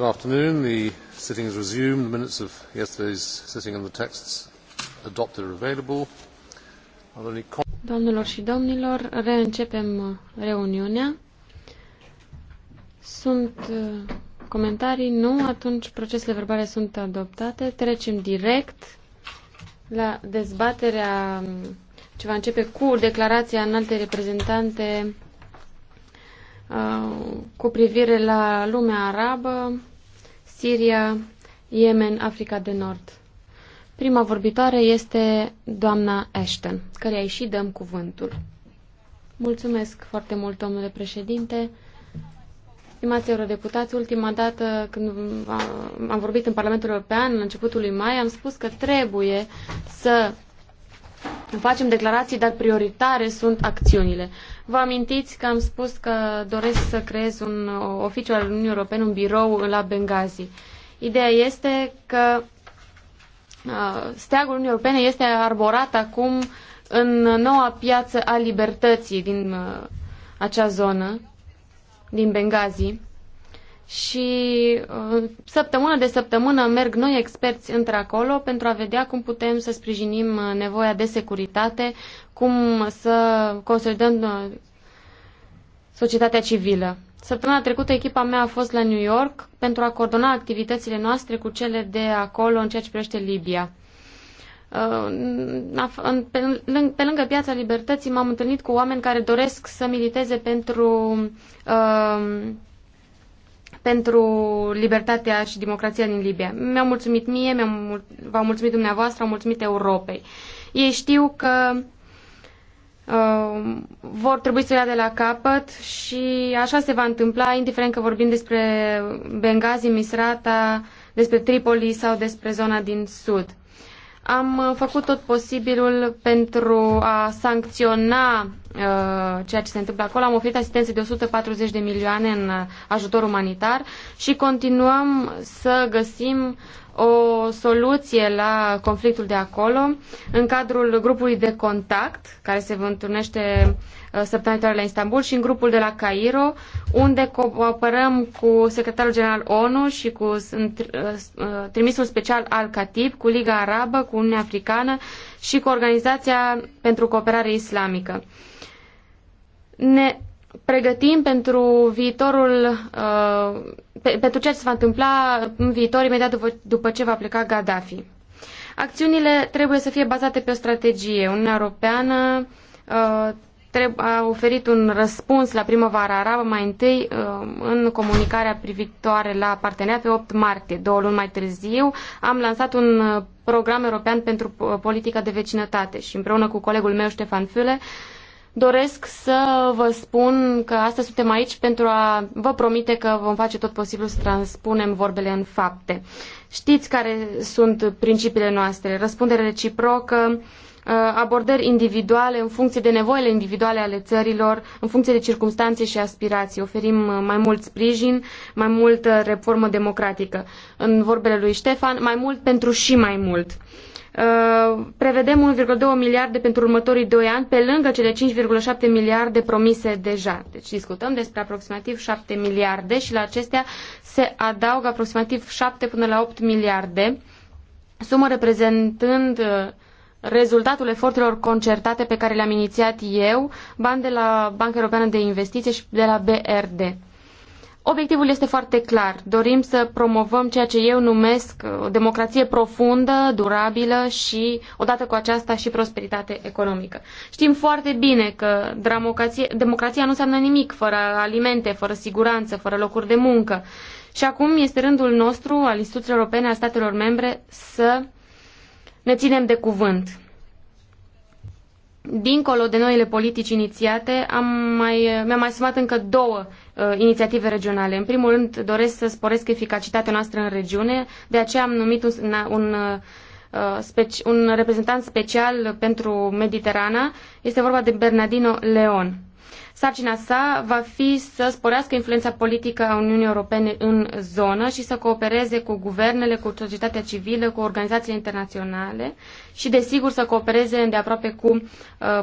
Good afternoon. The sitting is resumed. The minutes of yesterday's sitting and the texts adopted are available. Doamnelor și domnilor, reîncepem uh, reuniunea. Sunt uh, comentarii? Nu. Atunci procesele verbale sunt adoptate. Trecem direct la dezbaterea um, ce va începe cu declarația alte reprezentante uh, cu privire la lumea arabă, Siria, Yemen, Africa de Nord. Prima vorbitoare este doamna Ashton, care și dăm cuvântul. Mulțumesc foarte mult, domnule președinte. Stimați eurodeputați, ultima dată când am vorbit în Parlamentul European, în începutul lui mai, am spus că trebuie să facem declarații, dar prioritare sunt acțiunile. Vă amintiți că am spus că doresc să creez un oficiu al Uniunii Europene, un birou la Benghazi. Ideea este că uh, steagul Uniunii Europene este arborat acum în noua piață a libertății din uh, acea zonă, din Benghazi și uh, săptămână de săptămână merg noi experți între acolo pentru a vedea cum putem să sprijinim uh, nevoia de securitate, cum să consolidăm uh, societatea civilă. Săptămâna trecută echipa mea a fost la New York pentru a coordona activitățile noastre cu cele de acolo în ceea ce privește Libia. Pe lângă Piața Libertății m-am întâlnit cu oameni care doresc să militeze pentru pentru libertatea și democrația din Libia. Mi-au mulțumit mie, mi-au mul- v-au mulțumit dumneavoastră, au mulțumit Europei. Ei știu că uh, vor trebui să o ia de la capăt și așa se va întâmpla, indiferent că vorbim despre Benghazi, Misrata, despre Tripoli sau despre zona din sud. Am uh, făcut tot posibilul pentru a sancționa uh, ceea ce se întâmplă acolo. Am oferit asistență de 140 de milioane în uh, ajutor umanitar și continuăm să găsim o soluție la conflictul de acolo în cadrul grupului de contact care se întâlnește uh, săptămâna viitoare la Istanbul și în grupul de la Cairo, unde cooperăm cu secretarul general ONU și cu uh, uh, trimisul special al Khatib, cu Liga Arabă, cu Uniunea Africană și cu Organizația pentru Cooperare Islamică. Ne pregătim pentru viitorul, uh, pe, pentru ce se va întâmpla în viitor imediat după, după ce va pleca Gaddafi. Acțiunile trebuie să fie bazate pe o strategie. Uniunea Europeană uh, a oferit un răspuns la primăvara arabă mai întâi uh, în comunicarea privitoare la parteneriat pe 8 martie, două luni mai târziu. Am lansat un program european pentru politica de vecinătate și împreună cu colegul meu Ștefan Füle Doresc să vă spun că astăzi suntem aici pentru a vă promite că vom face tot posibilul să transpunem vorbele în fapte. Știți care sunt principiile noastre, răspundere reciprocă, uh, abordări individuale în funcție de nevoile individuale ale țărilor, în funcție de circunstanțe și aspirații. Oferim uh, mai mult sprijin, mai multă reformă democratică. În vorbele lui Ștefan, mai mult pentru și mai mult. Uh, Uh, prevedem 1,2 miliarde pentru următorii 2 ani, pe lângă cele 5,7 miliarde promise deja. Deci discutăm despre aproximativ 7 miliarde și la acestea se adaugă aproximativ 7 până la 8 miliarde, sumă reprezentând uh, rezultatul eforturilor concertate pe care le-am inițiat eu, bani de la Banca Europeană de Investiții și de la BRD. Obiectivul este foarte clar. Dorim să promovăm ceea ce eu numesc uh, o democrație profundă, durabilă și, odată cu aceasta, și prosperitate economică. Știm foarte bine că democrația nu înseamnă nimic fără alimente, fără siguranță, fără locuri de muncă. Și acum este rândul nostru, al instituțiilor europene, al statelor membre, să ne ținem de cuvânt. Dincolo de noile politici inițiate, am mai, mi-am mai sumat încă două Uh, inițiative regionale. În primul rând, doresc să sporesc eficacitatea noastră în regiune, de aceea am numit un, un, uh, un reprezentant special pentru Mediterana. Este vorba de Bernardino Leon. Sarcina sa va fi să sporească influența politică a Uniunii Europene în zonă și să coopereze cu guvernele, cu societatea civilă, cu organizațiile internaționale și, desigur, să coopereze îndeaproape cu uh,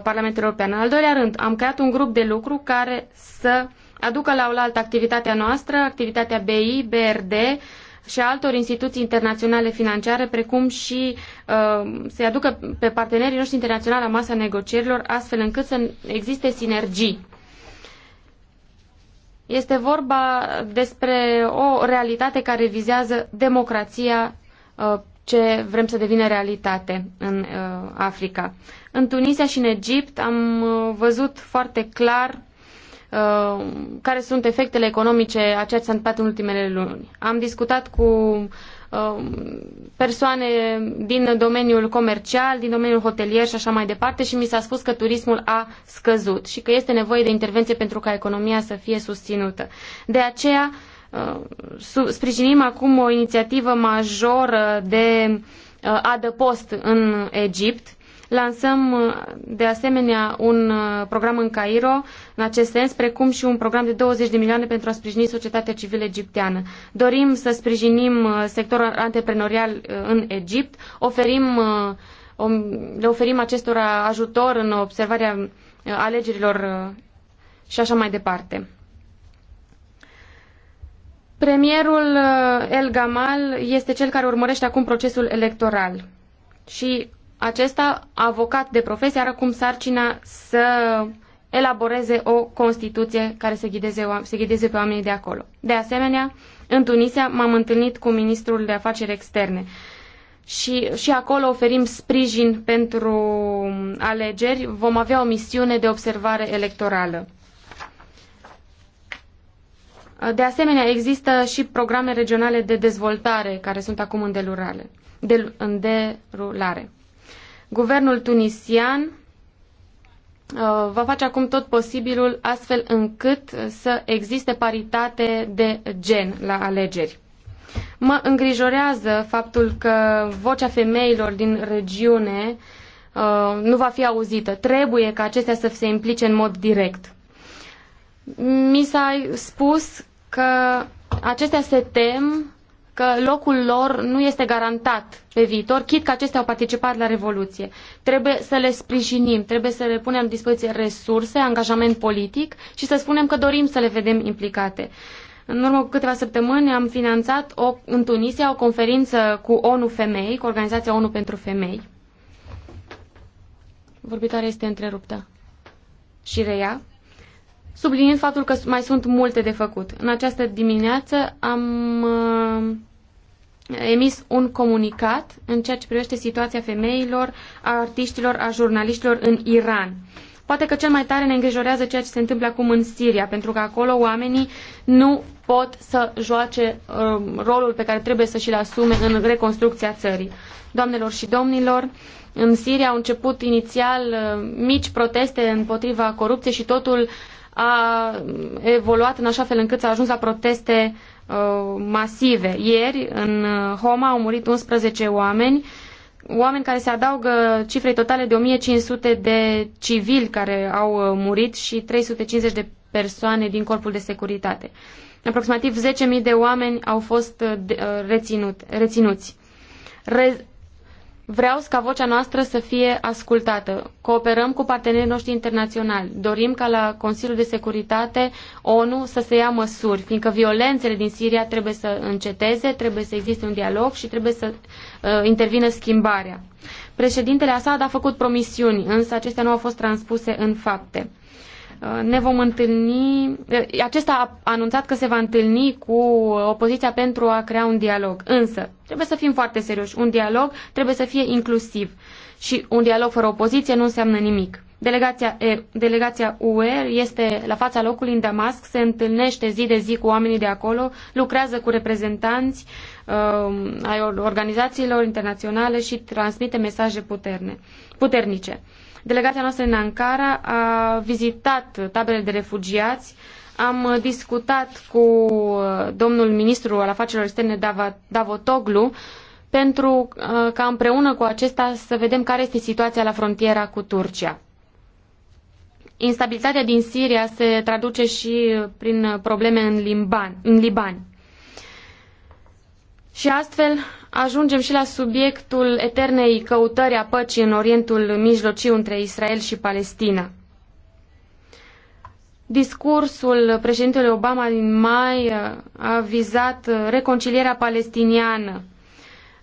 Parlamentul European. În al doilea rând, am creat un grup de lucru care să uh, aducă la oaltă activitatea noastră, activitatea BI, BRD și a altor instituții internaționale financiare, precum și uh, să-i aducă pe partenerii noștri internaționali la masa negocierilor, astfel încât să existe sinergii. Este vorba despre o realitate care vizează democrația uh, ce vrem să devină realitate în uh, Africa. În Tunisia și în Egipt am uh, văzut foarte clar Uh, care sunt efectele economice a ceea ce s-a întâmplat în ultimele luni. Am discutat cu uh, persoane din domeniul comercial, din domeniul hotelier și așa mai departe și mi s-a spus că turismul a scăzut și că este nevoie de intervenție pentru ca economia să fie susținută. De aceea uh, sprijinim acum o inițiativă majoră de adăpost în Egipt Lansăm uh, de asemenea un uh, program în Cairo în acest sens, precum și un program de 20 de milioane pentru a sprijini societatea civilă egipteană. Dorim să sprijinim uh, sectorul antreprenorial în Egipt, oferim, le oferim acestora ajutor în observarea alegerilor și așa mai departe. Premierul El Gamal este cel care urmărește acum procesul electoral și acesta, avocat de profesie, are acum sarcina să elaboreze o Constituție care să ghideze, să ghideze pe oamenii de acolo. De asemenea, în Tunisia m-am întâlnit cu ministrul de afaceri externe și, și acolo oferim sprijin pentru alegeri. Vom avea o misiune de observare electorală. De asemenea, există și programe regionale de dezvoltare care sunt acum în derulare. De, în derulare. Guvernul tunisian uh, va face acum tot posibilul astfel încât să existe paritate de gen la alegeri. Mă îngrijorează faptul că vocea femeilor din regiune uh, nu va fi auzită. Trebuie ca acestea să se implice în mod direct. Mi s-a spus că acestea se tem că locul lor nu este garantat pe viitor, chit că acestea au participat la Revoluție. Trebuie să le sprijinim, trebuie să le punem în dispoziție resurse, angajament politic și să spunem că dorim să le vedem implicate. În urmă cu câteva săptămâni am finanțat o, în Tunisia o conferință cu ONU Femei, cu Organizația ONU pentru Femei. Vorbitoarea este întreruptă. Și reia subliniind faptul că mai sunt multe de făcut. În această dimineață am uh, emis un comunicat în ceea ce privește situația femeilor, a artiștilor, a jurnaliștilor în Iran. Poate că cel mai tare ne îngrijorează ceea ce se întâmplă acum în Siria, pentru că acolo oamenii nu pot să joace um, rolul pe care trebuie să și-l asume în reconstrucția țării. Doamnelor și domnilor, în Siria au început inițial uh, mici proteste împotriva corupției și totul a evoluat în așa fel încât s-a ajuns la proteste uh, Uh, masive. Ieri, în uh, Homa, au murit 11 oameni, oameni care se adaugă cifrei totale de 1500 de civili care au uh, murit și 350 de persoane din corpul de securitate. Aproximativ 10.000 de oameni au fost reținut, reținuți. Re Vreau ca vocea noastră să fie ascultată. Cooperăm cu partenerii noștri internaționali. Dorim ca la Consiliul de Securitate ONU să se ia măsuri, fiindcă violențele din Siria trebuie să înceteze, trebuie să existe un dialog și trebuie să uh, intervină schimbarea. Președintele Assad a făcut promisiuni, însă acestea nu au fost transpuse în fapte. Uh, ne vom întâlni, uh, acesta a anunțat că se va întâlni cu opoziția pentru a crea un dialog. Însă, trebuie să fim foarte serioși. Un dialog trebuie să fie inclusiv. Și un dialog fără opoziție nu înseamnă nimic. Delegația, delegația UE este la fața locului în Damasc, se întâlnește zi de zi cu oamenii de acolo, lucrează cu reprezentanți uh, ai organizațiilor internaționale și transmite mesaje puterne, puternice. Delegația noastră în Ankara a vizitat taberele de refugiați, am discutat cu uh, domnul ministru al afacerilor externe Davotoglu pentru uh, ca împreună cu acesta să vedem care este situația la frontiera cu Turcia. Instabilitatea din Siria se traduce și prin probleme în Liban. În Liban. Și astfel ajungem și la subiectul eternei căutări a păcii în Orientul Mijlociu între Israel și Palestina. Discursul președintelui Obama din mai uh, a vizat uh, reconcilierea palestiniană.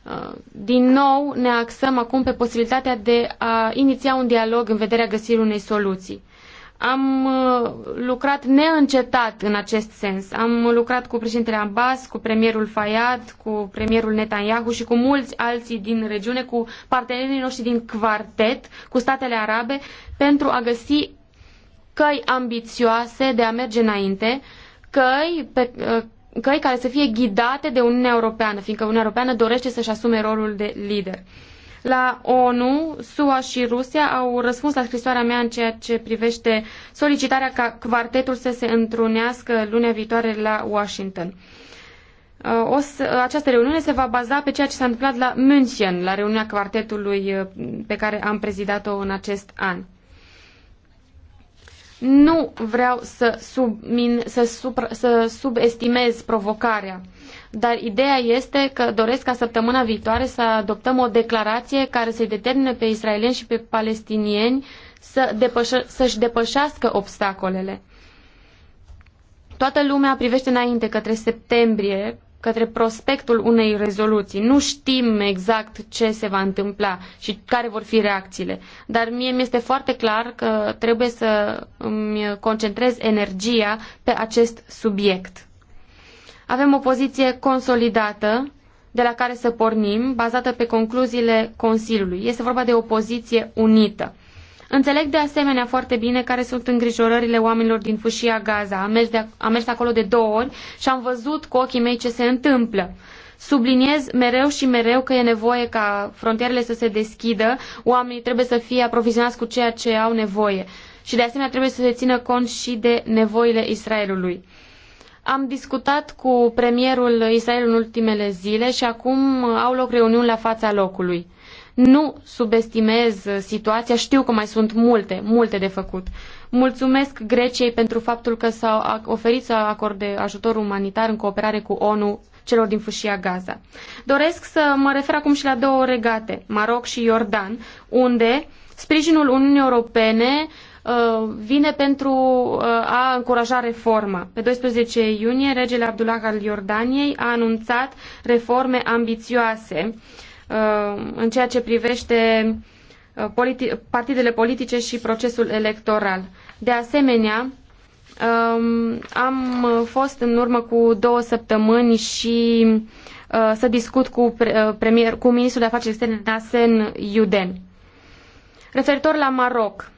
Uh, din nou ne axăm acum pe posibilitatea de a iniția un dialog în vederea găsirii unei soluții. Am uh, lucrat neîncetat în acest sens. Am lucrat cu președintele Abbas, cu premierul Fayad, cu premierul Netanyahu și cu mulți alții din regiune, cu partenerii noștri din Quartet, cu statele arabe, pentru a găsi căi ambițioase de a merge înainte, căi, pe, uh, căi care să fie ghidate de Uniunea Europeană, fiindcă Uniunea Europeană dorește să-și asume rolul de lider. La ONU, SUA și Rusia au răspuns la scrisoarea mea în ceea ce privește solicitarea ca quartetul să se întrunească lunea viitoare la Washington. Uh, o să, această reuniune se va baza pe ceea ce s-a întâmplat la München, la reuniunea quartetului uh, pe care am prezidat-o în acest an. Nu vreau să, submin, să, supra, să subestimez provocarea dar ideea este că doresc ca săptămâna viitoare să adoptăm o declarație care să-i determine pe israelieni și pe palestinieni să depășă, să-și depășească obstacolele. Toată lumea privește înainte către septembrie, către prospectul unei rezoluții. Nu știm exact ce se va întâmpla și care vor fi reacțiile, dar mie mi-este foarte clar că trebuie să îmi concentrez energia pe acest subiect. Avem o poziție consolidată de la care să pornim, bazată pe concluziile Consiliului. Este vorba de o poziție unită. Înțeleg de asemenea foarte bine care sunt îngrijorările oamenilor din fâșia Gaza. Am mers, de, am mers acolo de două ori și am văzut cu ochii mei ce se întâmplă. Subliniez mereu și mereu că e nevoie ca frontierele să se deschidă, oamenii trebuie să fie aprovizionați cu ceea ce au nevoie. Și de asemenea trebuie să se țină cont și de nevoile Israelului. Am discutat cu premierul Israel în ultimele zile și acum au loc reuniuni la fața locului. Nu subestimez situația, știu că mai sunt multe, multe de făcut. Mulțumesc Greciei pentru faptul că s-a oferit să acorde ajutor umanitar în cooperare cu ONU celor din fâșia Gaza. Doresc să mă refer acum și la două regate, Maroc și Iordan, unde sprijinul Uniunii Europene Uh, vine pentru uh, a încuraja reforma. Pe 12 iunie, regele Abdullah al Iordaniei a anunțat reforme ambițioase uh, în ceea ce privește politi partidele politice și procesul electoral. De asemenea, um, am fost în urmă cu două săptămâni și să discut cu, premier, cu ministrul de afaceri externe Nasen Iuden. Referitor la Maroc,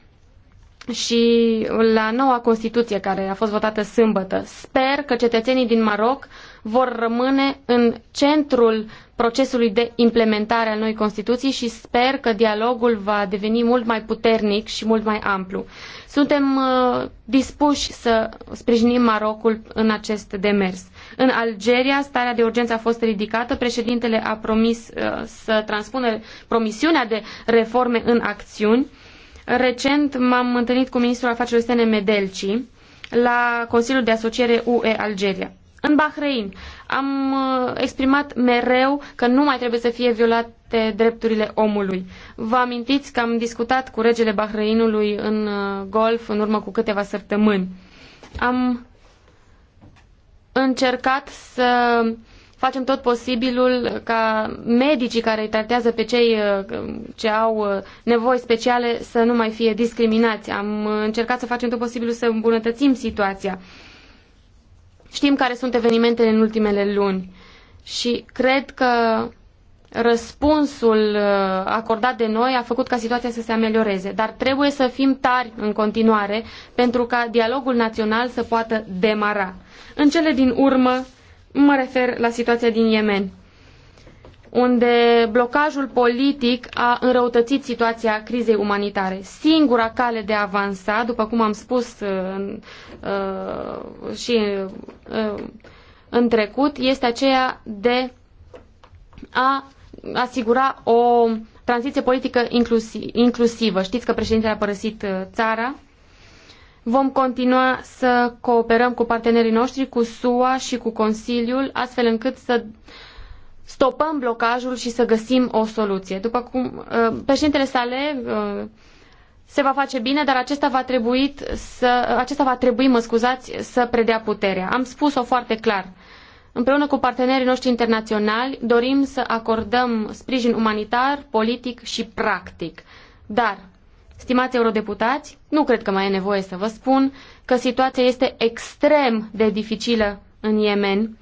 și la noua Constituție care a fost votată sâmbătă. Sper că cetățenii din Maroc vor rămâne în centrul procesului de implementare al noii Constituții și sper că dialogul va deveni mult mai puternic și mult mai amplu. Suntem uh, dispuși să sprijinim Marocul în acest demers. În Algeria, starea de urgență a fost ridicată, președintele a promis uh, să transpună promisiunea de reforme în acțiuni. Uh, Recent m-am întâlnit cu ministrul afacerilor externe Medelci la Consiliul de Asociere UE Algeria. În Bahrein am uh, exprimat mereu că nu mai trebuie să fie violate drepturile omului. Vă amintiți că am discutat cu regele Bahreinului în uh, golf în urmă cu câteva săptămâni. Am încercat să facem tot posibilul ca medicii care îi tratează pe cei uh, ce au uh, nevoi speciale să nu mai fie discriminați. Am uh, încercat să facem tot posibilul să îmbunătățim situația. Știm care sunt evenimentele în ultimele luni și cred că răspunsul acordat de noi a făcut ca situația să se amelioreze. Dar trebuie să fim tari în continuare pentru ca dialogul național să poată demara. În cele din urmă, Mă refer la situația din Yemen, unde blocajul politic a înrăutățit situația crizei umanitare. Singura cale de a avansa, după cum am spus uh, în, uh, și uh, în trecut, este aceea de a asigura o tranziție politică inclusivă. Știți că președintele a părăsit uh, țara Vom continua să cooperăm cu partenerii noștri, cu SUA și cu Consiliul, astfel încât să stopăm blocajul și să găsim o soluție. După cum uh, președintele sale uh, se va face bine, dar acesta va trebui să, acesta va trebui, mă scuzați, să predea puterea. Am spus-o foarte clar. Împreună cu partenerii noștri internaționali dorim să acordăm sprijin umanitar, politic și practic. Dar Stimați eurodeputați, nu cred că mai e nevoie să vă spun că situația este extrem de dificilă în Yemen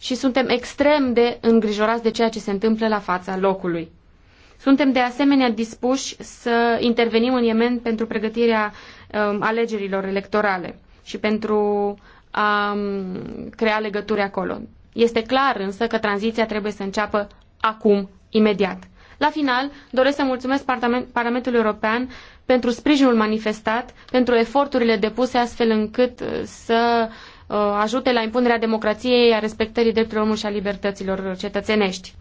și suntem extrem de îngrijorați de ceea ce se întâmplă la fața locului. Suntem de asemenea dispuși să intervenim în Yemen pentru pregătirea um, alegerilor electorale și pentru a um, crea legături acolo. Este clar însă că tranziția trebuie să înceapă acum, imediat. La final, doresc să mulțumesc Parlamentului European pentru sprijinul manifestat, pentru eforturile depuse astfel încât uh, să uh, ajute la impunerea democrației, a respectării drepturilor omului și a libertăților cetățenești.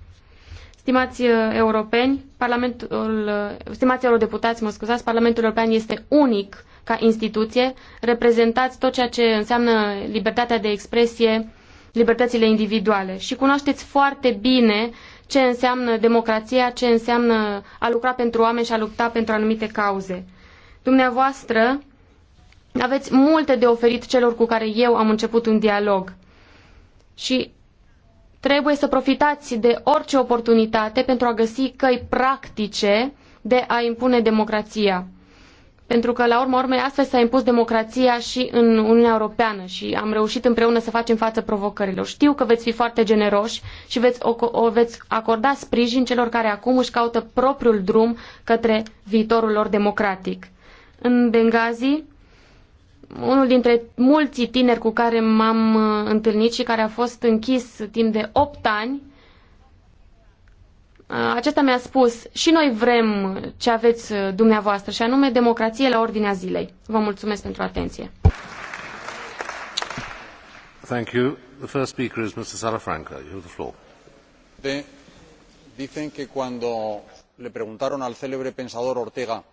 Stimați uh, europeni, Parlamentul, stimați eurodeputați, mă scuzați, Parlamentul European este unic ca instituție, reprezentați tot ceea ce înseamnă libertatea de expresie, libertățile individuale și cunoașteți foarte bine uh, ce înseamnă democrația, ce înseamnă a lucra pentru oameni și a lupta pentru anumite cauze. Dumneavoastră aveți multe de oferit celor cu care eu am început un dialog. Și trebuie să profitați de orice oportunitate pentru a găsi căi practice de a impune democrația pentru că la urma urmei astfel s-a impus democrația și în Uniunea Europeană și am reușit împreună să facem față provocărilor. Știu că veți fi foarte generoși și veți, o, o, veți acorda sprijin celor care acum își caută propriul drum către viitorul lor democratic. În Benghazi, unul dintre mulții tineri cu care m-am uh, întâlnit și care a fost închis timp de opt ani, Uh, acesta mi-a spus și noi vrem ce aveți uh, dumneavoastră și anume democrație la ordinea zilei. Vă mulțumesc pentru atenție. Thank you. The first speaker is Mr. Salafranca. You have the floor. De, dicen que cuando le preguntaron al célebre pensador Ortega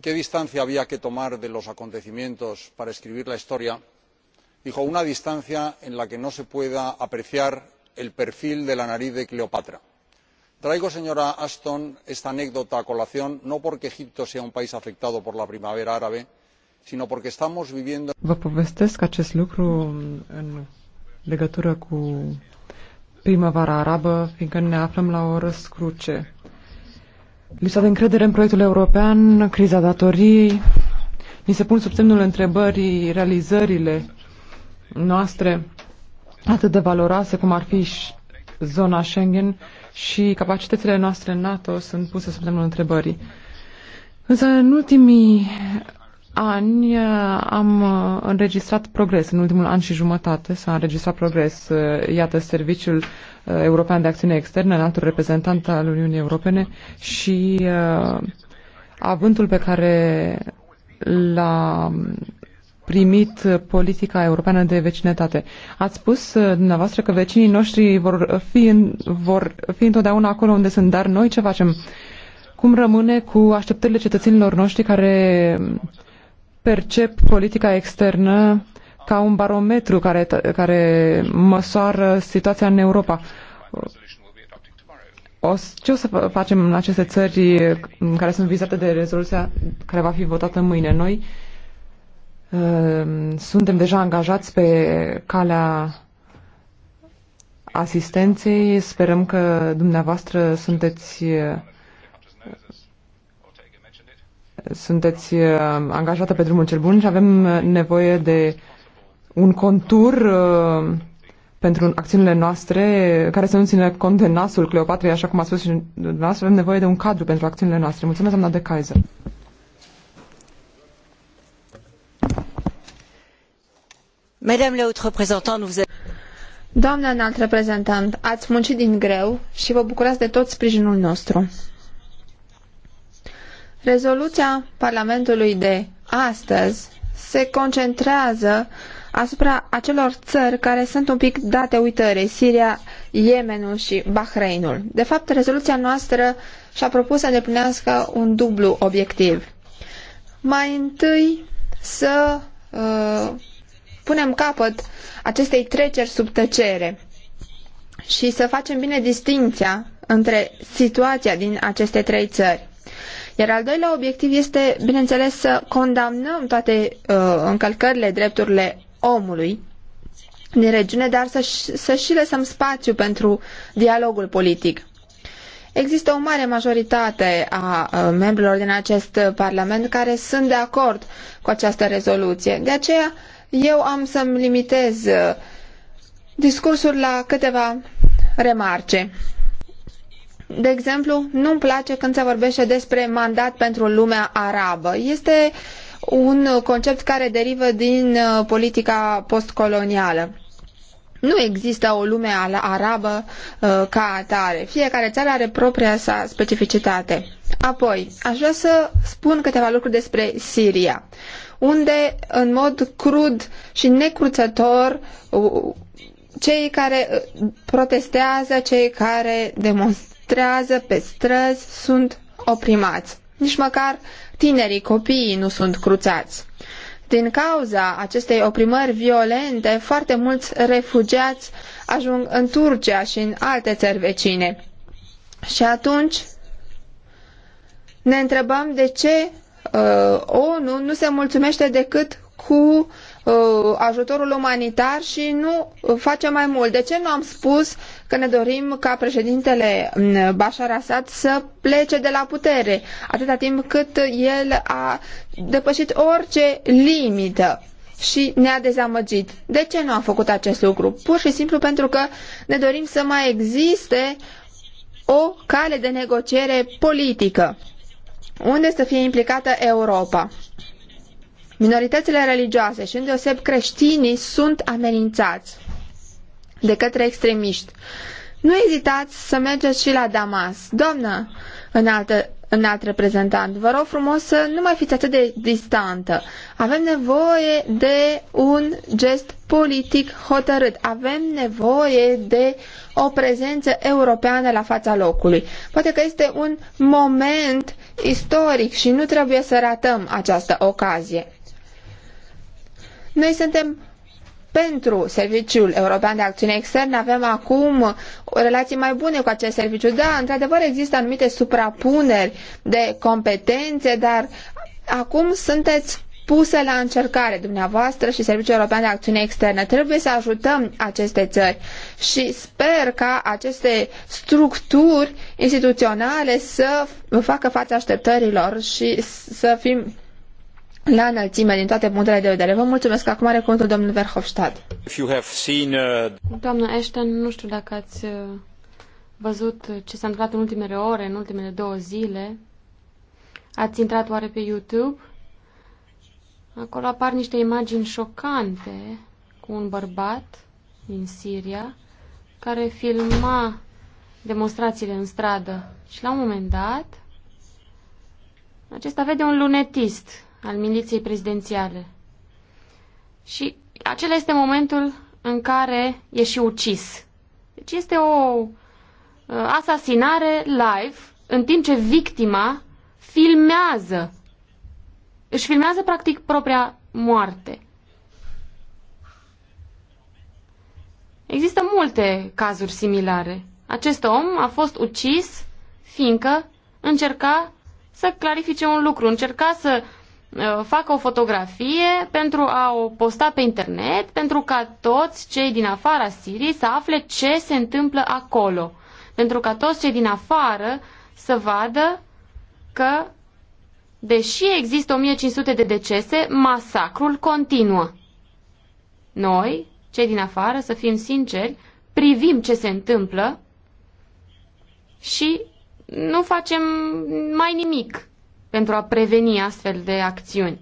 qué distancia había que tomar de los acontecimientos para escribir la historia, dijo una distancia en la que no se pueda apreciar el perfil de la nariz de Cleopatra traigo señora ashton esta anécdota a colación no porque egipto sea un país afectado por la primavera árabe sino porque estamos viviendo. Vă povestesc acest lucru um, în legătură cu primăvara arabă, fiindcă ne aflăm la o răscruce. Lipsa de încredere în proiectul european, criza datoriei, ni se pun sub semnul întrebării realizările noastre atât de valoroase cum ar fi zona Schengen și capacitățile noastre NATO sunt puse sub semnul întrebării. Însă în ultimii ani uh, am uh, înregistrat progres. În ultimul an și jumătate s-a înregistrat progres. Uh, iată, Serviciul European de Acțiune Externă, altul reprezentant al Uniunii Europene și avântul pe care l-a primit uh, politica europeană de vecinătate. Ați spus uh, dumneavoastră că vecinii noștri vor fi, în, vor fi întotdeauna acolo unde sunt, dar noi ce facem? Cum rămâne cu așteptările cetățenilor noștri care percep politica externă ca un barometru care, care măsoară situația în Europa? O, ce o să facem în aceste țări care sunt vizate de rezoluția care va fi votată mâine? Noi uh, Uh, suntem deja angajați pe calea asistenței. Sperăm că dumneavoastră sunteți sunteți uh, angajată pe drumul cel bun și avem nevoie de un contur uh, pentru acțiunile noastre care să nu țină cont de nasul Cleopatrei, așa cum a spus și dumneavoastră, avem nevoie de un cadru pentru acțiunile noastre. Mulțumesc, doamna de Kaiser. Doamnă înalt reprezentant, ați muncit din greu și vă bucurați de tot sprijinul nostru. Rezoluția Parlamentului de astăzi se concentrează asupra acelor țări care sunt un pic date uitării, Siria, Yemenul și Bahreinul. De fapt, rezoluția noastră și-a propus să îndeplinească un dublu obiectiv. Mai întâi să uh, punem capăt acestei treceri sub tăcere și să facem bine distinția între situația din aceste trei țări. Iar al doilea obiectiv este, bineînțeles, să condamnăm toate uh, încălcările drepturile omului din regiune, dar să, să și lăsăm spațiu pentru dialogul politic. Există o mare majoritate a uh, membrilor din acest uh, Parlament care sunt de acord cu această rezoluție. De aceea eu am să-mi limitez uh, discursul la câteva remarce. De exemplu, nu-mi place când se vorbește despre mandat pentru lumea arabă. Este un concept care derivă din uh, politica postcolonială. Nu există o lume arabă uh, ca atare. Fiecare țară are propria sa specificitate. Apoi, aș vrea să spun câteva lucruri despre Siria unde în mod crud și necruțător cei care uh, protestează, cei care demonstrează pe străzi sunt oprimați. Nici măcar tinerii, copiii nu sunt cruțați. Din cauza acestei oprimări violente, foarte mulți refugiați ajung în Turcia și în alte țări vecine. Și atunci ne întrebăm de ce Uh, ONU nu se mulțumește decât cu uh, ajutorul umanitar și nu face mai mult. De ce nu am spus că ne dorim ca președintele mm, Bashar Assad să plece de la putere, atâta timp cât el a depășit orice limită și ne-a dezamăgit. De ce nu am făcut acest lucru? Pur și simplu pentru că ne dorim să mai existe o cale de negociere politică unde să fie implicată Europa. Minoritățile religioase și îndeoseb creștinii sunt amenințați de către extremiști. Nu ezitați să mergeți și la Damas. Doamnă înaltă înalt reprezentant, vă rog frumos să nu mai fiți atât de distantă. Avem nevoie de un gest politic hotărât. Avem nevoie de o prezență europeană la fața locului. Poate că este un moment istoric și nu trebuie să ratăm această ocazie. Noi suntem pentru Serviciul European de Acțiune Externă avem acum relații mai bune cu acest serviciu. Da, într-adevăr există anumite suprapuneri de competențe, dar acum sunteți puse la încercare dumneavoastră și Serviciul European de Acțiune Externă. Trebuie să ajutăm aceste țări și sper ca aceste structuri instituționale să facă față așteptărilor și să fim la înălțime din toate punctele de vedere. Vă mulțumesc. Acum are cuvântul domnul Verhofstadt. Seen, uh... Doamna Ashton, nu știu dacă ați uh, văzut uh, ce s-a întâmplat în ultimele ore, în ultimele două zile. Ați intrat oare pe YouTube? Acolo apar niște imagini șocante cu un bărbat din Siria care filma demonstrațiile în stradă. Și la un moment dat, acesta vede un lunetist al miliției prezidențiale. Și acela este momentul în care e și ucis. Deci este o uh, asasinare live în timp ce victima filmează. Își filmează practic propria moarte. Există multe cazuri similare. Acest om a fost ucis fiindcă încerca să clarifice un lucru, încerca să Uh, facă o fotografie pentru a o posta pe internet, pentru ca toți cei din afara Siriei să afle ce se întâmplă acolo. Pentru ca toți cei din afară să vadă că, deși există 1500 de decese, masacrul continuă. Noi, cei din afară, să fim sinceri, privim ce se întâmplă și nu facem mai nimic pentru a preveni astfel de acțiuni.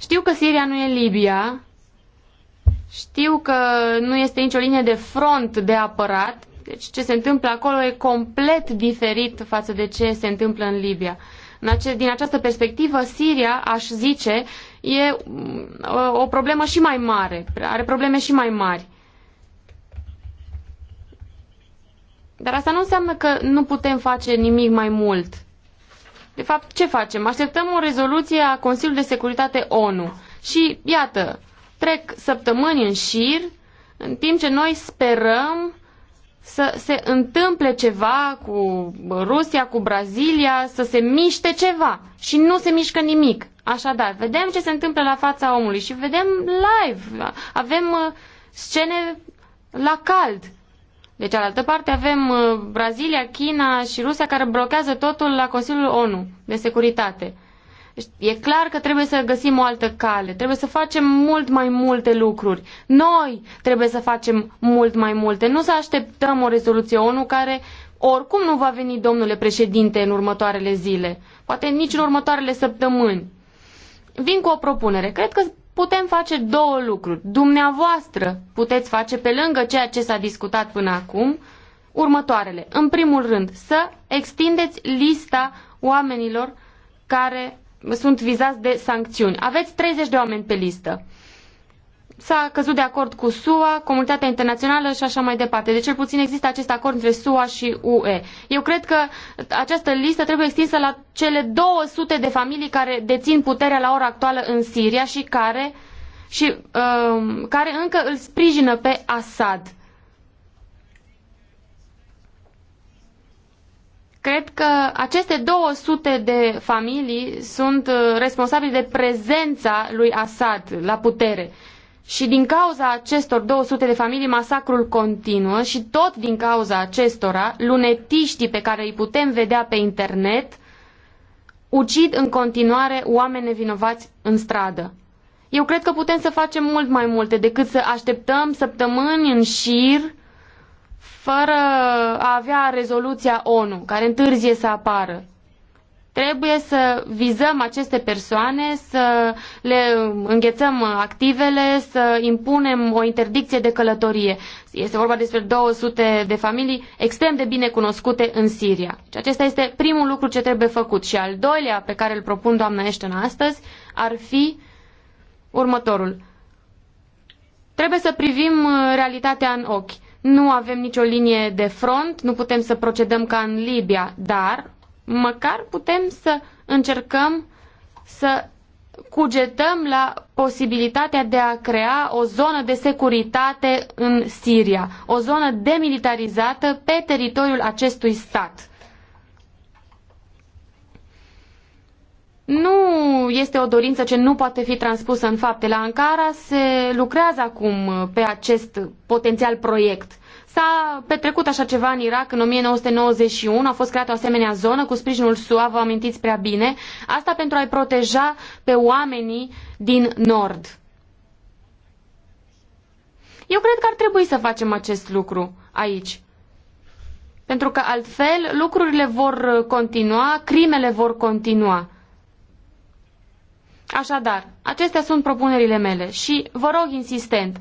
Știu că Siria nu e Libia, știu că nu este nicio linie de front de apărat, deci ce se întâmplă acolo e complet diferit față de ce se întâmplă în Libia. În ace- din această perspectivă, Siria, aș zice, e mm, o problemă și mai mare, are probleme și mai mari. Dar asta nu înseamnă că nu putem face nimic mai mult. De fapt, ce facem? Așteptăm o rezoluție a Consiliului de Securitate ONU. Și, iată, trec săptămâni în șir, în timp ce noi sperăm să se întâmple ceva cu Rusia, cu Brazilia, să se miște ceva. Și nu se mișcă nimic. Așadar, vedem ce se întâmplă la fața omului și vedem live. Avem uh, scene la cald de cealaltă parte avem uh, Brazilia, China și Rusia care blochează totul la Consiliul ONU de Securitate. E clar că trebuie să găsim o altă cale, trebuie să facem mult mai multe lucruri. Noi trebuie să facem mult mai multe, nu să așteptăm o rezoluție ONU care oricum nu va veni, domnule președinte, în următoarele zile, poate nici în următoarele săptămâni. Vin cu o propunere. Cred că putem face două lucruri. Dumneavoastră puteți face pe lângă ceea ce s-a discutat până acum următoarele. În primul rând, să extindeți lista oamenilor care sunt vizați de sancțiuni. Aveți 30 de oameni pe listă s-a căzut de acord cu SUA, comunitatea internațională și așa mai departe. Deci cel puțin există acest acord între SUA și UE. Eu cred că această listă trebuie extinsă la cele 200 de familii care dețin puterea la ora actuală în Siria și care, și, um, care încă îl sprijină pe Assad. Cred că aceste 200 de familii sunt uh, responsabile de prezența lui Assad la putere. Și din cauza acestor 200 de familii, masacrul continuă și tot din cauza acestora, lunetiștii pe care îi putem vedea pe internet ucid în continuare oameni nevinovați în stradă. Eu cred că putem să facem mult mai multe decât să așteptăm săptămâni în șir fără a avea rezoluția ONU, care întârzie să apară. Trebuie să vizăm aceste persoane, să le înghețăm activele, să impunem o interdicție de călătorie. Este vorba despre 200 de familii extrem de bine cunoscute în Siria. Și acesta este primul lucru ce trebuie făcut. Și al doilea pe care îl propun doamna Ashton astăzi ar fi următorul. Trebuie să privim uh, realitatea în ochi. Nu avem nicio linie de front, nu putem să procedăm ca în Libia, dar măcar putem să încercăm să cugetăm la posibilitatea de a crea o zonă de securitate în Siria, o zonă demilitarizată pe teritoriul acestui stat. Nu este o dorință ce nu poate fi transpusă în fapte. La Ankara se lucrează acum pe acest potențial proiect. S-a petrecut așa ceva în Irak în 1991, a fost creată o asemenea zonă cu sprijinul SUA, vă amintiți prea bine, asta pentru a-i proteja pe oamenii din Nord. Eu cred că ar trebui să facem acest lucru aici. Pentru că altfel lucrurile vor continua, crimele vor continua. Așadar, acestea sunt propunerile mele și vă rog insistent,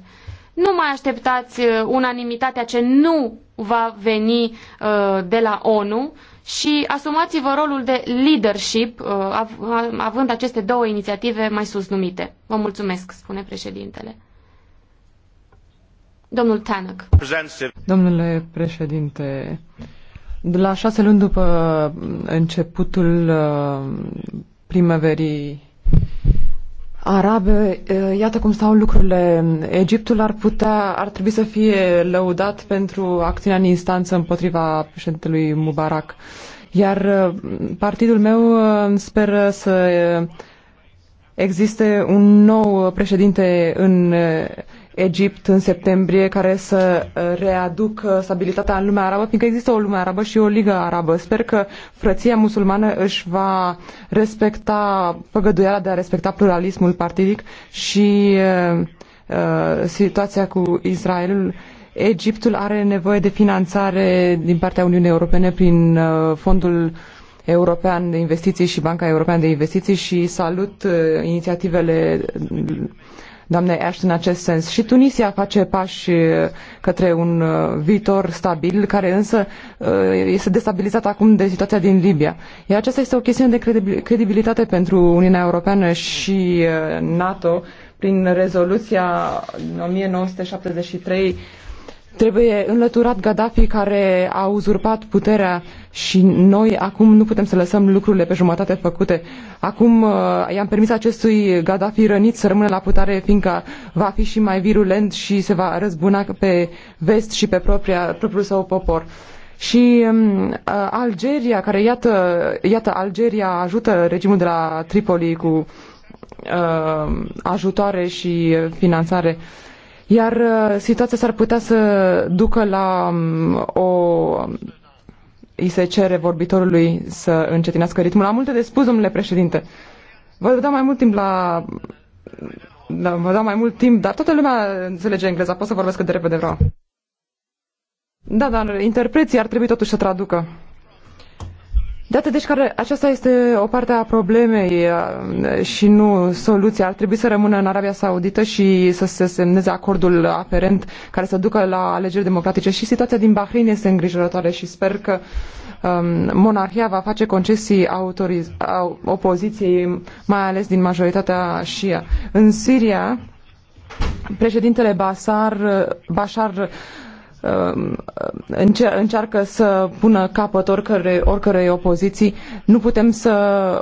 nu mai așteptați uh, unanimitatea ce nu va veni uh, de la ONU și asumați-vă rolul de leadership, uh, având aceste două inițiative mai sus numite. Vă mulțumesc, spune președintele. Domnul Tanak. Domnule președinte, de la șase luni după începutul primăverii arabe, iată cum stau lucrurile. Egiptul ar putea, ar trebui să fie lăudat pentru acțiunea în instanță împotriva președintelui Mubarak. Iar partidul meu speră să existe un nou președinte în Egipt în septembrie care să uh, readucă stabilitatea în lumea arabă, fiindcă există o lume arabă și o ligă arabă. Sper că frăția musulmană își va respecta păgăduiala de a respecta pluralismul partidic și uh, uh situația cu Israelul. Egiptul are nevoie de finanțare din partea Uniunii Europene prin uh, fondul European de Investiții și Banca Europeană de Investiții și salut uh, inițiativele uh, doamnei Ashton în acest sens. Și Tunisia face pași uh, către un uh, viitor stabil, care însă uh, este destabilizat acum de situația din Libia. Iar aceasta este o chestiune de credibilitate pentru Uniunea Europeană și NATO prin rezoluția 1973 Trebuie înlăturat Gaddafi care a uzurpat puterea și noi acum nu putem să lăsăm lucrurile pe jumătate făcute. Acum uh, i-am permis acestui Gaddafi rănit să rămână la putere, fiindcă va fi și mai virulent și se va răzbuna pe vest și pe propria, propriul său popor. Și um, uh, Algeria, care iată, iată, Algeria ajută regimul de la Tripoli cu uh, ajutoare și finanțare. Uh, iar uh, situația s-ar putea să ducă la um, o îi se cere vorbitorului să încetinească ritmul. Am multe de spus, domnule președinte. Vă dau mai mult timp la... la vă dau mai mult timp, dar toată lumea înțelege engleza. Pot să vorbesc cât de repede vreau. Da, dar interpreții ar trebui totuși să traducă. Dată deci care aceasta este o parte a problemei uh, și nu soluția. Ar trebui să rămână în Arabia Saudită și să se semneze acordul aferent care să ducă la alegeri democratice. Și situația din Bahrain este îngrijorătoare și sper că um, monarhia va face concesii autoriz- au, opoziției, mai ales din majoritatea Shia. În Siria, președintele Basar, Bashar Um, încearcă să pună capăt oricărei, oricărei opoziții. Nu putem să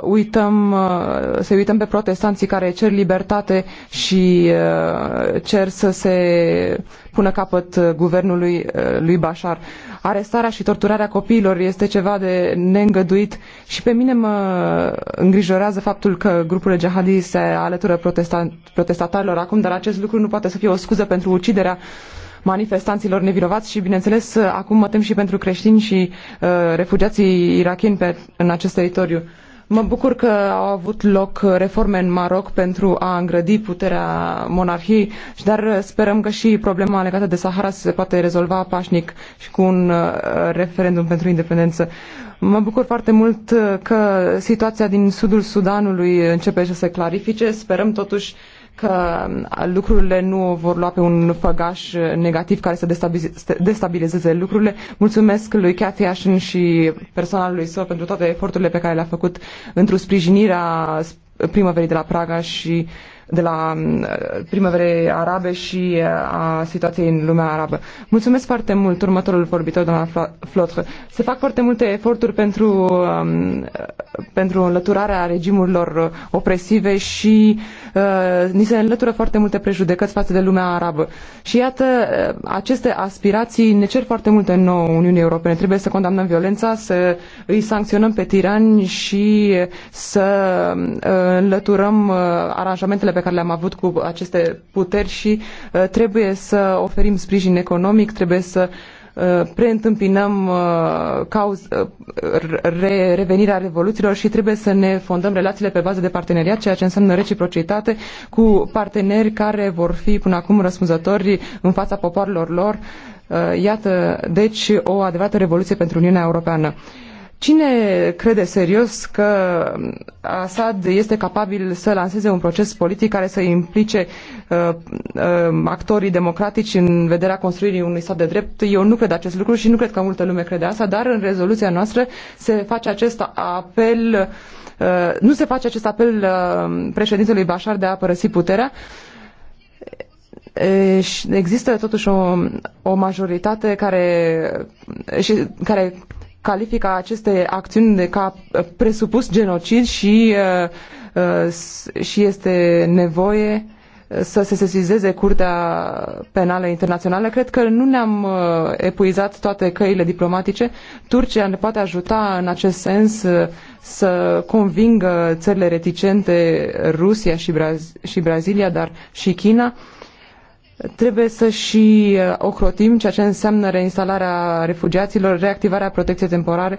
uităm, uh, să uităm pe protestanții care cer libertate și uh, cer să se pună capăt guvernului uh, lui Bashar. Arestarea și torturarea copiilor este ceva de neîngăduit și pe mine mă îngrijorează faptul că grupurile jihadiste se alătură protestatarilor acum, dar acest lucru nu poate să fie o scuză pentru uciderea manifestanților nevinovați și, bineînțeles, acum mă tem și pentru creștini și uh, refugiații irakieni pe, în acest teritoriu. Mă bucur că au avut loc reforme în Maroc pentru a îngrădi puterea monarhiei, dar sperăm că și problema legată de Sahara se poate rezolva pașnic și cu un uh, referendum pentru independență. Mă bucur foarte mult uh, că situația din sudul Sudanului începe să se clarifice. Sperăm totuși uh, că uh, lucrurile nu vor lua pe un făgaș uh, negativ care să destabilizeze lucrurile. Mulțumesc lui Cathy Ashen și personalului său pentru toate eforturile pe care le-a făcut într-o sprijinirea primăverii de la Praga și uh, de la mm, primăverei arabe și uh, a situației în lumea arabă. Mulțumesc foarte mult următorul vorbitor, doamna Flotre. Se fac foarte multe eforturi pentru, um, pentru înlăturarea regimurilor uh, opresive și uh, ni se înlătură foarte multe prejudecăți față de lumea arabă. Și iată, uh, aceste aspirații ne cer foarte multe nouă Uniunii Europene. Trebuie să condamnăm violența, să îi sancționăm pe tirani și să înlăturăm aranjamentele pe pe care le-am avut cu aceste puteri și uh, trebuie să oferim sprijin economic, trebuie să uh, preîntâmpinăm uh, cauz, re, revenirea revoluțiilor și trebuie să ne fondăm relațiile pe bază de parteneriat, ceea ce înseamnă reciprocitate cu parteneri care vor fi până acum răspunzători în fața popoarelor lor. Iată, deci, o adevărată revoluție pentru Uniunea Europeană. Cine crede serios că Assad este capabil să lanseze un proces politic care să implice uh, uh, actorii democratici în vederea construirii unui stat de drept? Eu nu cred acest lucru și nu cred că multă lume crede asta, dar în rezoluția noastră se face acest apel, uh, nu se face acest apel uh, președintelui Bashar de a părăsi puterea. există totuși o, o majoritate care, și, care califică aceste acțiuni de ca uh, presupus genocid și, uh, uh, și este nevoie să se sesizeze Curtea Penală Internațională. Cred că nu ne-am epuizat toate căile diplomatice. Turcia ne poate ajuta în acest sens să convingă țările reticente Rusia și, Braz- și Brazilia, dar și China Trebuie să și uh, ocrotim ceea ce înseamnă reinstalarea refugiaților, reactivarea protecției temporare,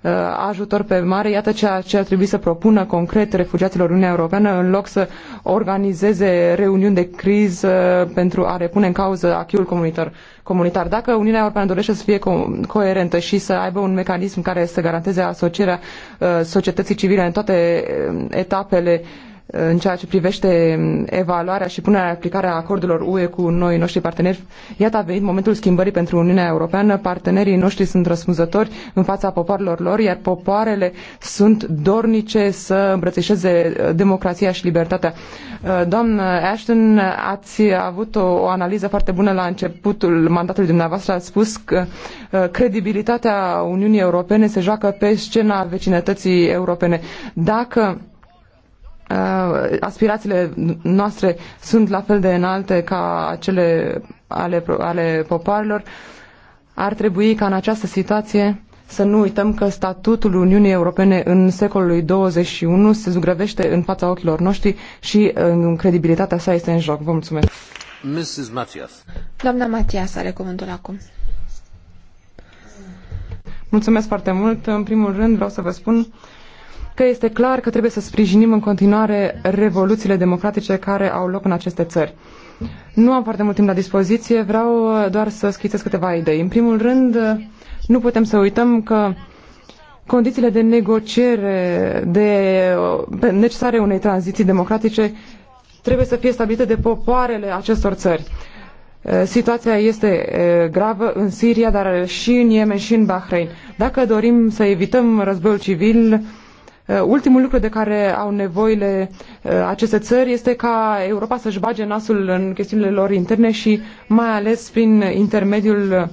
uh, ajutor pe mare. Iată ceea ce ar trebui să propună concret refugiaților Uniunea Europeană în loc să organizeze reuniuni de criză uh, pentru a repune în cauză achiul comunitar. comunitar. Dacă Uniunea Europeană dorește să fie co- coerentă și să aibă un mecanism care să garanteze asocierea societății civile în toate etapele uh, în ceea ce privește evaluarea și punerea în aplicare a acordurilor UE cu noi noștri parteneri, iată a venit momentul schimbării pentru Uniunea Europeană. Partenerii noștri sunt răspunzători în fața popoarelor lor, iar popoarele sunt dornice să îmbrățișeze uh, democrația și libertatea. Uh, doamnă Ashton, ați avut o, o analiză foarte bună la începutul mandatului dumneavoastră. Ați spus că uh, credibilitatea Uniunii Europene se joacă pe scena vecinătății europene. Dacă uh, aspirațiile noastre sunt la fel de înalte ca cele ale, ale popoarelor, ar trebui ca în această situație să nu uităm că statutul Uniunii Europene în secolul 21 se zugrăvește în fața ochilor noștri și uh, credibilitatea sa este în joc. Vă mulțumesc. Mrs. Matias. Doamna Matias are cuvântul acum. Mulțumesc foarte mult. În primul rând vreau să vă spun că este clar că trebuie să sprijinim în continuare revoluțiile democratice care au loc în aceste țări. Nu am foarte mult timp la dispoziție, vreau uh, doar să schițez câteva idei. În primul rând, uh, nu putem să uităm că condițiile de negociere de, uh, necesare unei tranziții democratice trebuie să fie stabilite de popoarele acestor țări. Situația este gravă în Siria, dar și în Yemen și în Bahrain. Dacă dorim să evităm războiul civil, Eh, ultimul lucru de care au nevoile eh, aceste țări este ca Europa să-și bage nasul în chestiunile lor interne și mai ales prin intermediul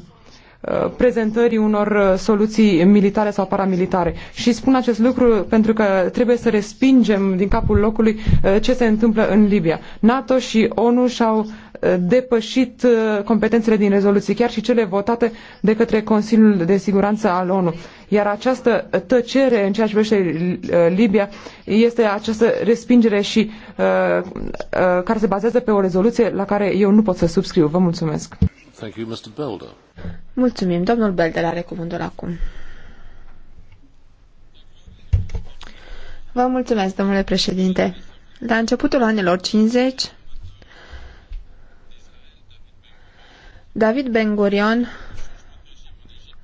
Uh, prezentării unor uh, soluții militare sau paramilitare. Și spun acest lucru pentru că trebuie să respingem din capul locului uh, ce se întâmplă în Libia. NATO și ONU și-au depășit competențele din rezoluții, chiar și cele votate de către Consiliul de Siguranță al ONU. Iar această tăcere în ceea ce privește Libia este această respingere și uh, uh, care se bazează pe o rezoluție la care eu nu pot să subscriu. Vă mulțumesc. Thank you, Mr. Belder. Mulțumim. Domnul Belder are cuvântul acum. Vă mulțumesc, domnule președinte. La începutul anilor 50, David Ben-Gurion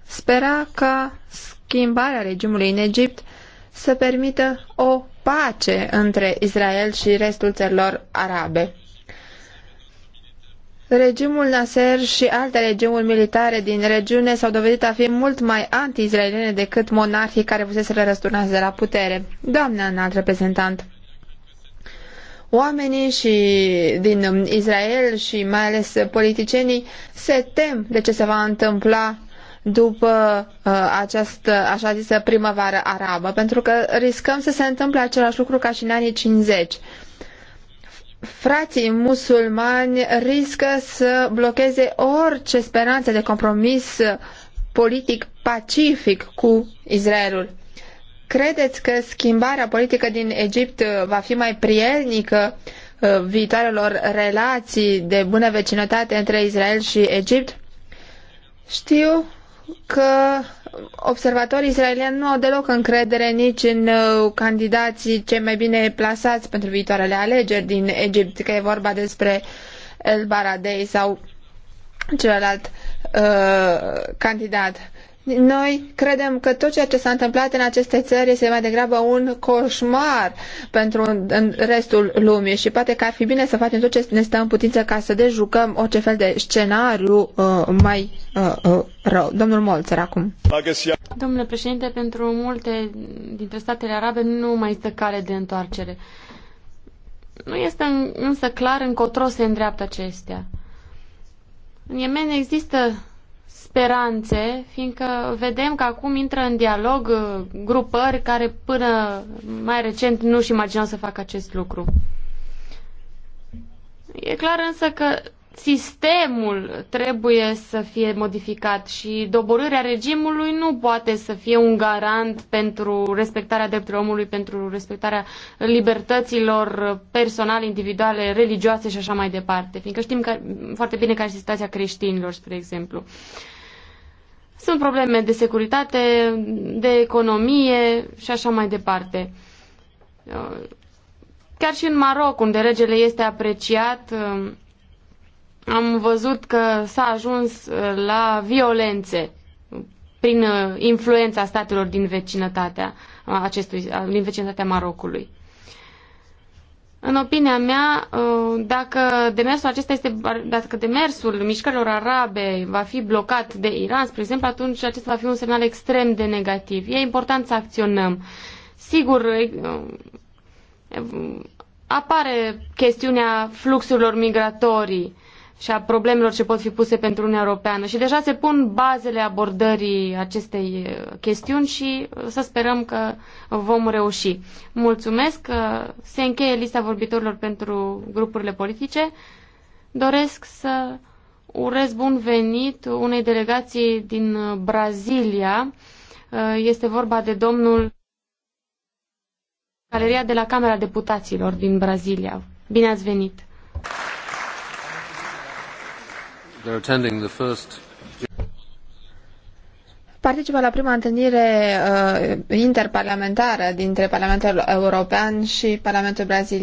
spera ca schimbarea regimului în Egipt să permită o pace între Israel și restul țărilor arabe. Regimul Nasser și alte regimuri militare din regiune s-au dovedit a fi mult mai anti-izraeliene decât monarhii care fuseseră răsturnați de la putere. Doamna înalt reprezentant, oamenii și din Israel și mai ales politicienii se tem de ce se va întâmpla după uh, această așa zisă primăvară arabă, pentru că riscăm să se întâmple același lucru ca și în anii 50 frații musulmani riscă să blocheze orice speranță de compromis politic pacific cu Israelul. Credeți că schimbarea politică din Egipt uh, va fi mai prielnică uh, viitoarelor relații de bună vecinătate între Israel și Egipt? Știu că observatorii israelieni nu au deloc încredere nici în uh, candidații cei mai bine plasați pentru viitoarele alegeri din Egipt, că e vorba despre El Baradei sau celălalt uh, candidat. Noi credem că tot ceea ce s-a întâmplat în aceste țări este mai degrabă un coșmar pentru restul lumii și poate că ar fi bine să facem tot ce ne stă în putință ca să dejucăm orice fel de scenariu uh, mai uh, uh, rău. Domnul Molțer, acum. Domnule președinte, pentru multe dintre statele arabe nu mai este cale de întoarcere. Nu este însă clar încotro se îndreaptă acestea. În Yemen există speranțe, fiindcă vedem că acum intră în dialog uh, grupări care până mai recent nu și imaginau să facă acest lucru. E clar însă că sistemul trebuie să fie modificat și doborârea regimului nu poate să fie un garant pentru respectarea drepturilor omului, pentru respectarea libertăților personale, individuale, religioase și așa mai departe, fiindcă știm că, foarte bine care este situația creștinilor, spre exemplu. Uh, sunt probleme de securitate, de economie și așa mai departe. Uh, chiar și în Maroc, unde regele este apreciat, uh, am văzut că s-a ajuns uh, la violențe prin influența statelor din vecinătatea, acestui, din vecinătatea Marocului. În opinia mea, uh, dacă demersul acesta este, dacă demersul mișcărilor arabe va fi blocat de Iran, spre exemplu, atunci acesta va fi un semnal extrem de negativ. E important să acționăm. Sigur, uh, apare chestiunea fluxurilor migratorii și a problemelor ce pot fi puse pentru Uniunea Europeană. Și deja se pun bazele abordării acestei uh, chestiuni și uh, să sperăm că vom reuși. Mulțumesc. Se încheie lista vorbitorilor pentru grupurile politice. Doresc să urez bun venit unei delegații din uh, Brazilia. Este vorba de domnul Galeria de la Camera Deputaților din Brazilia. Bine ați venit! Participă la prima întâlnire uh, interparlamentară dintre Parlamentul European și Parlamentul Brazilian.